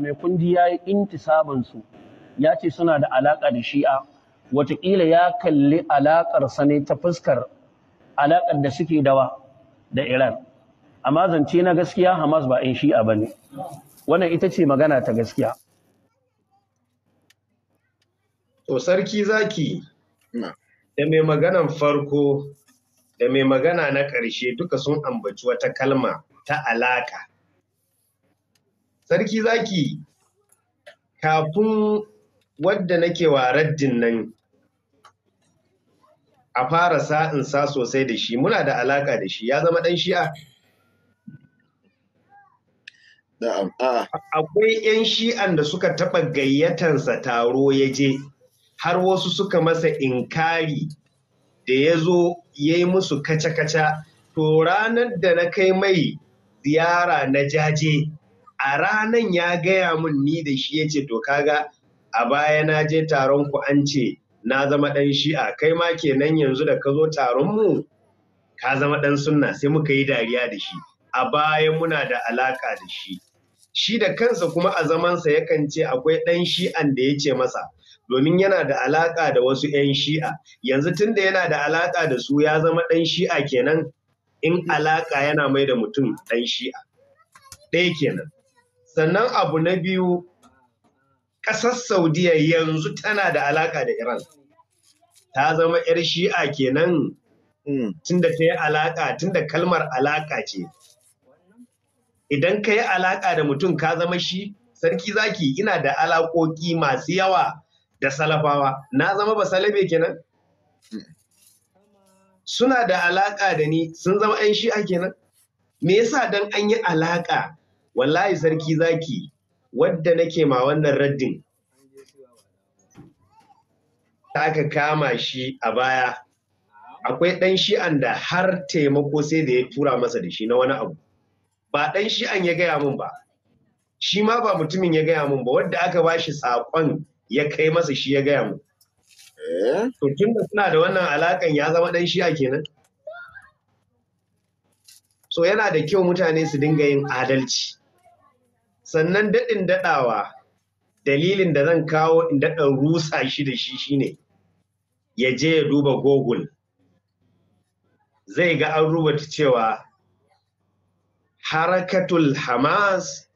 mai kundi ya yi su, ya ce suna da alaƙa da shi'a wataƙila ya kalli alaƙar ne ta fuskar alaƙar da suke dawa da iran amma zance na gaskiya hamas ba in shi'a ba ne wannan ita ce magana ta gaskiya to sarki zaki da mai maganan farko da mai magana na ƙarshe duka sun ambaci wata kalma ta alaƙa sarki zaki kafin wadda nake wa raddin nan a fara sa'insa sosai da shi muna da alaka da shi ya zama ɗan shi'a akwai 'yan shi'an da suka taɓa gayyatansa taro ya je har wasu suka masa inkari da ya zo ya yi musu kaca-kaca to ranar da na kai mai ziyara na jaje a ranan ya gaya mun ni da shi yace to kaga a baya na je taron ku an ce na zama dan shi'a kai ma kenan yanzu da ka zo taron mu ka zama dan sunna sai muka yi dariya da shi a baya muna da alaka da shi shi da kansa kuma a zamansa yakan ce akwai dan shi'an da ya ce masa domin yana da alaka da wasu 'yan shi'a yanzu tunda yana da alaka da su ya zama dan shi'a kenan in alaka yana mai da mutum dan shi'a ɗaya kenan sannan abu na biyu ƙasar saudiya yanzu tana da alaka da iran ta zama 'yar shi'a kenan hmm. tunda ta yi alaka tunda kalmar alaka ce idan ka yi alaka da mutum ka zama shi sarki zaki ina da alakoki masu yawa da salafawa na zama ba salabe kenan suna da alaka da ni sun zama 'yan shi'a kenan me yasa dan an yi alaka wallahi sarki zaki wadda nake ma wannan raddin Ta aka kama shi a baya akwai ɗan shi'an da har taimako sai da ya tura masa da shi na wani abu ba ɗan shi'an ya gaya min ba shi ma ba mutumin ya gaya min ba wadda aka ba shi saƙon ya kai masa shi ya gaya min eh? to tun da suna da wannan alaƙan ya zama ɗan shi'a kenan so yana da kyau mutane su dinga yin adalci sannan daɗin daɗawa dalilin da zan kawo in daɗa rusa shi da shi shine ya je ya duba google zai ga an rubuta cewa harakatul hamas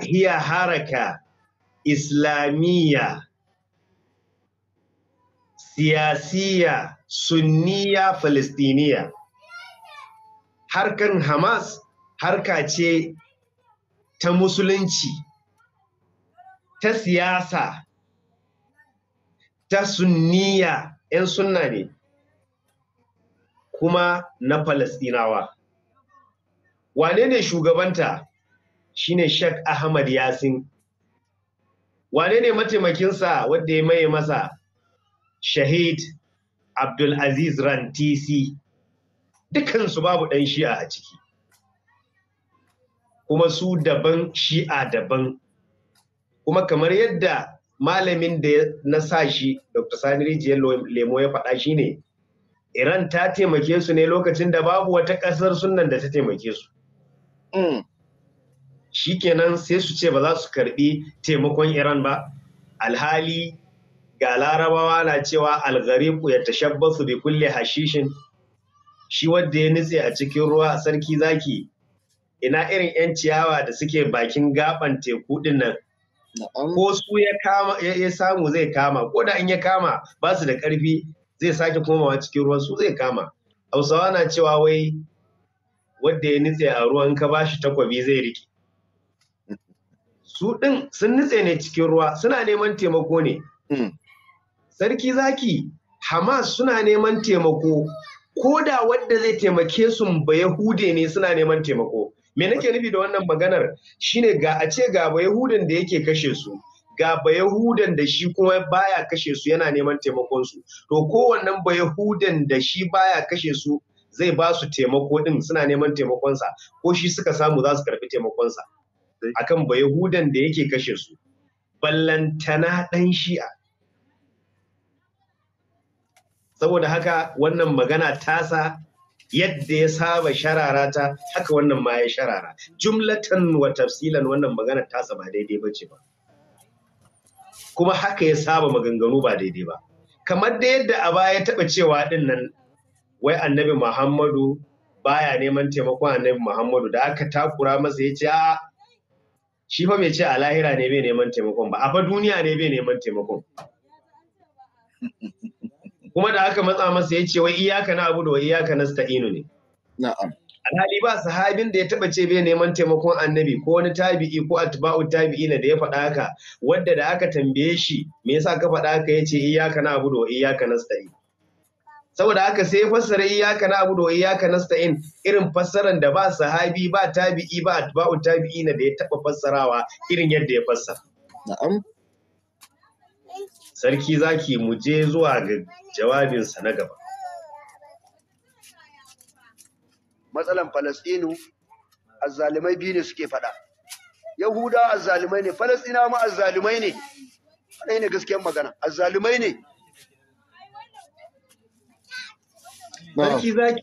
hiya haraka islamiyya siyasiyya sunniya falistiniya harkan hamas harka ce ta musulunci ta siyasa ta sunniya 'yan sunna ne kuma na Falasɗinawa. Wane ne shugabanta? ne shek Ahmad Yasin. Wane ne mataimakinsa wadda ya maye masa? Shahid Abdulaziz Rantisi. Dukansu babu ɗan shi'a a ciki. kuma su daban shi'a daban kuma kamar yadda malamin da na sa shi dr sani rijiyar lemo ya faɗa shi ne iran ta taimake su ne lokacin da babu wata ƙasar sunan da ta taimake su mm. shi kenan sai su ce ba za su karɓi taimakon iran ba alhali ga larabawa na cewa algariku ya su bi kulle hashishin shi wadda ya nutse a cikin ruwa sarki zaki ina irin 'yan ciyawa da suke bakin gaban teku din nan ko su ya samu zai kama ko da in ya kama ba su da karfi zai sake komawa cikin ruwan su zai kama hausawa na cewa wai wadda ya nitse a ruwan ka ba shi takwabi zai rike su ɗin sun nitse ne cikin ruwa suna neman taimako ne hmm. sarki zaki hamas suna neman taimako ko da wadda zai taimake su ba yahude ne suna neman taimako me nake nufi da wannan maganar shine ga a ce ga Bayahudan yahudan da yake kashe su ga Bayahudan da shi kuma baya kashe su yana neman taimakon su to ko ba yahudan da shi baya kashe su zai ba su taimako din suna neman taimakonsa ko shi suka samu za su karbi taimakonsa akan Bayahudan yahudan da yake kashe su ballantana ɗan shi'a saboda haka wannan magana tasa yadda ya saba sharara ta, haka wannan ma ya sharara jumlatan wa tafsilan wannan magana tasa ba daidai ba ce ba kuma haka ya saba maganganu ba daidai ba kamar da yadda a baya taɓa cewa ɗin nan wai annabi muhammadu baya neman taimakon annabi muhammadu da aka takura masa ya ce a shi fa mai ce a lahira ne bai neman taimakon ba a fa duniya ne bai neman taimakon kuma da aka matsa masa ya ce wai iyaka na abu da wai iyaka na sta'inu ne na'am alhali ba sahabin da ya taba ce bai neman taimakon annabi ko wani tabi'i ko atba'u tabi'i da ya faɗa haka wadda da aka tambaye shi me yasa ka faɗa haka ce iyaka na abu da iyaka na nasta'in saboda haka sai ya fassara iyaka na abu da iyaka na nasta'in irin fassaran da ba sahabi ba tabi'i ba atba'u tabi'i da ya taba fassarawa irin yadda ya fassara na'am sarki zaki mu je zuwa ga jawabinsa na gaba matsalan falastinu azzalimai biyu ne suke faɗa yahuda azzalimai ne falastina ma azzalimai ne wannan ne gaskiyar magana azzalimai ne sarki zaki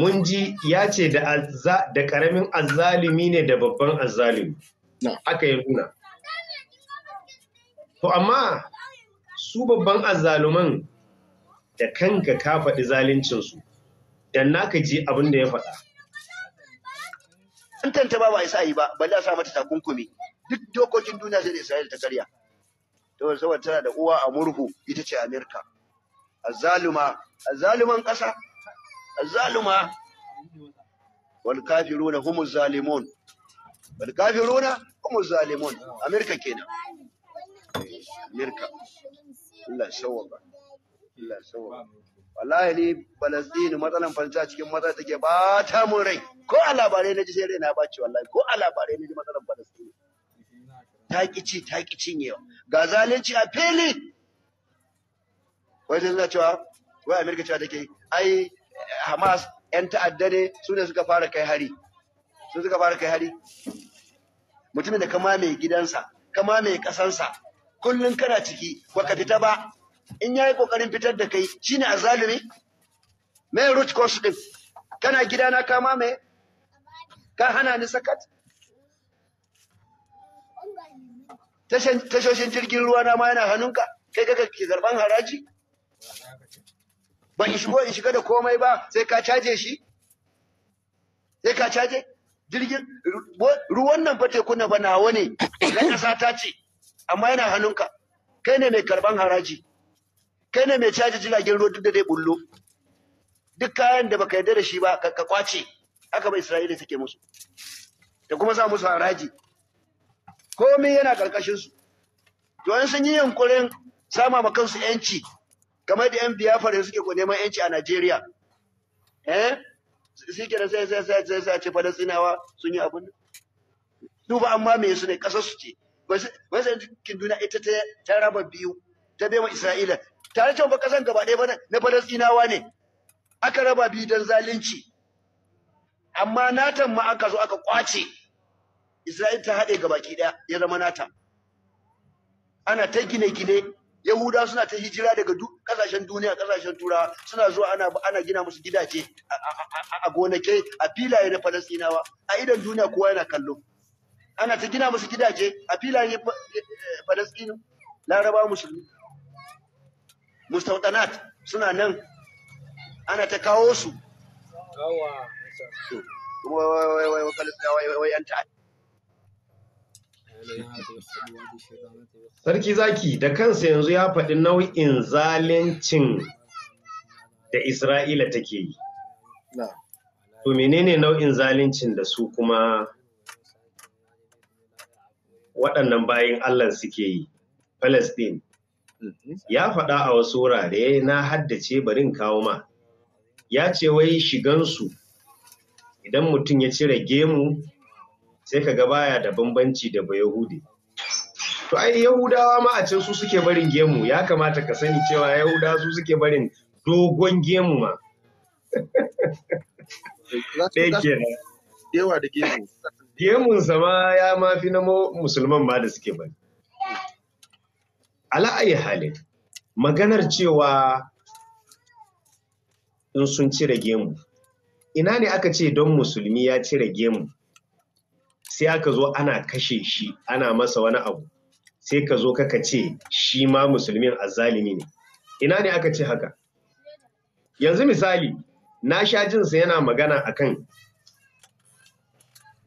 mun ji ya ce da ƙaramin azzalimi ne da babban azzalimi haka ya nuna To amma su babban azzaluman da kanka ka faɗi zaluncinsu, dan naka ji abin da ya faɗa. Tantanta ba ba isa yi ba, balla sa mata takunkumi. Duk dokokin duniya sai da Isra'ila ta karya. To saboda tana da uwa a murhu ita ce Amerika. Azzaluma, azzaluman ƙasa, azzaluma wal kafiruna humuz zalimun. Wal kafiruna humuz zalimun. Amerika kenan. mirka Allah shawaba Allah shawaba wallahi ni Palestine matsalan falta cikin matsala take ba ta mun rai ko a labarai na ji sai rai na baci wallahi ko a labarai na ji matsalan Palestine ta kici ta ne yau ga zalunci a fili wai sai cewa wai Amerika cewa take ai Hamas yan ta'adda ne su ne suka fara kai hari su suka fara kai hari mutumin da kama mai gidansa kama mai kasansa kullun kana ciki baka fita ba in yayi kokarin fitar da kai shine azalimi me root cause din kana gidana ka me? ka hana ni sakat tashoshin jirgin ruwa na ma yana hannunka kai kaka ke zarban haraji Ba in shigo in shiga da komai ba sai ka caje shi sai ka caje jirgin ruwan nan fa tekuna ba nawa ne na kasa ta ce amma yana hannunka kai ne mai karban haraji kai ne mai caji jiragen ruwa duk da dai bullo duk kayan da baka yarda da shi ba ka kwace haka ba Isra'ila take musu da kuma sa musu haraji komai yana karkashin su to sun yi yankurin sama ma kansu yanci kamar da yan biyafar suke ko neman yanci a Najeriya eh shi da sai sai sai sai ce Falastinawa sun yi abin duba amma me su ne kasar su ce wasan cikin duniya ita ta raba biyu ta baiwa Isra'ila tare cewa ba kasan gaba ɗaya bane na Falastinawa ne aka raba biyu dan zalunci amma natan ma aka zo aka kwace Isra'ila ta haɗe gabaki ɗaya ya zama nata ana ta gine-gine Yahuda suna ta hijira daga kasashen duniya kasashen turawa suna zuwa ana ana gina musu gidaje a gonake a filaye na falasɗinawa a idan duniya kowa yana kallo ana ta gina musu gidaje a filayen eh, Falasɗinu Laraba musulmi mustautanat suna nan ana ta kawo su Sarki zaki da kansa yanzu ya faɗi nau'in zalincin da Isra'ila take yi. To menene nau'in zalincin da su kuma waɗannan bayan Allah suke yi, Palestine. Mhm. Ya faɗa a wasu wurare na haddace barin kawo ma, ya ce wai shigansu idan mutum ya cire gemu sai ka ga baya da bambanci da ba Yahudi. To ai Yahudawa ma a can su suke barin gemu, ya kamata ka sani cewa Yahuda su suke barin dogon gemu ma. Ɗaya kenan. gemun zama ya mafi na musulman ma da suke bari ala ayi hali, maganar cewa in sun cire gemu ina ne aka ce don musulmi ya cire gemu sai aka zo ana kashe shi ana masa wani abu sai ka zo kaka ce shi ma musulmin azalimi ne ina ne aka ce haka yanzu misali na sha jinsa yana magana akan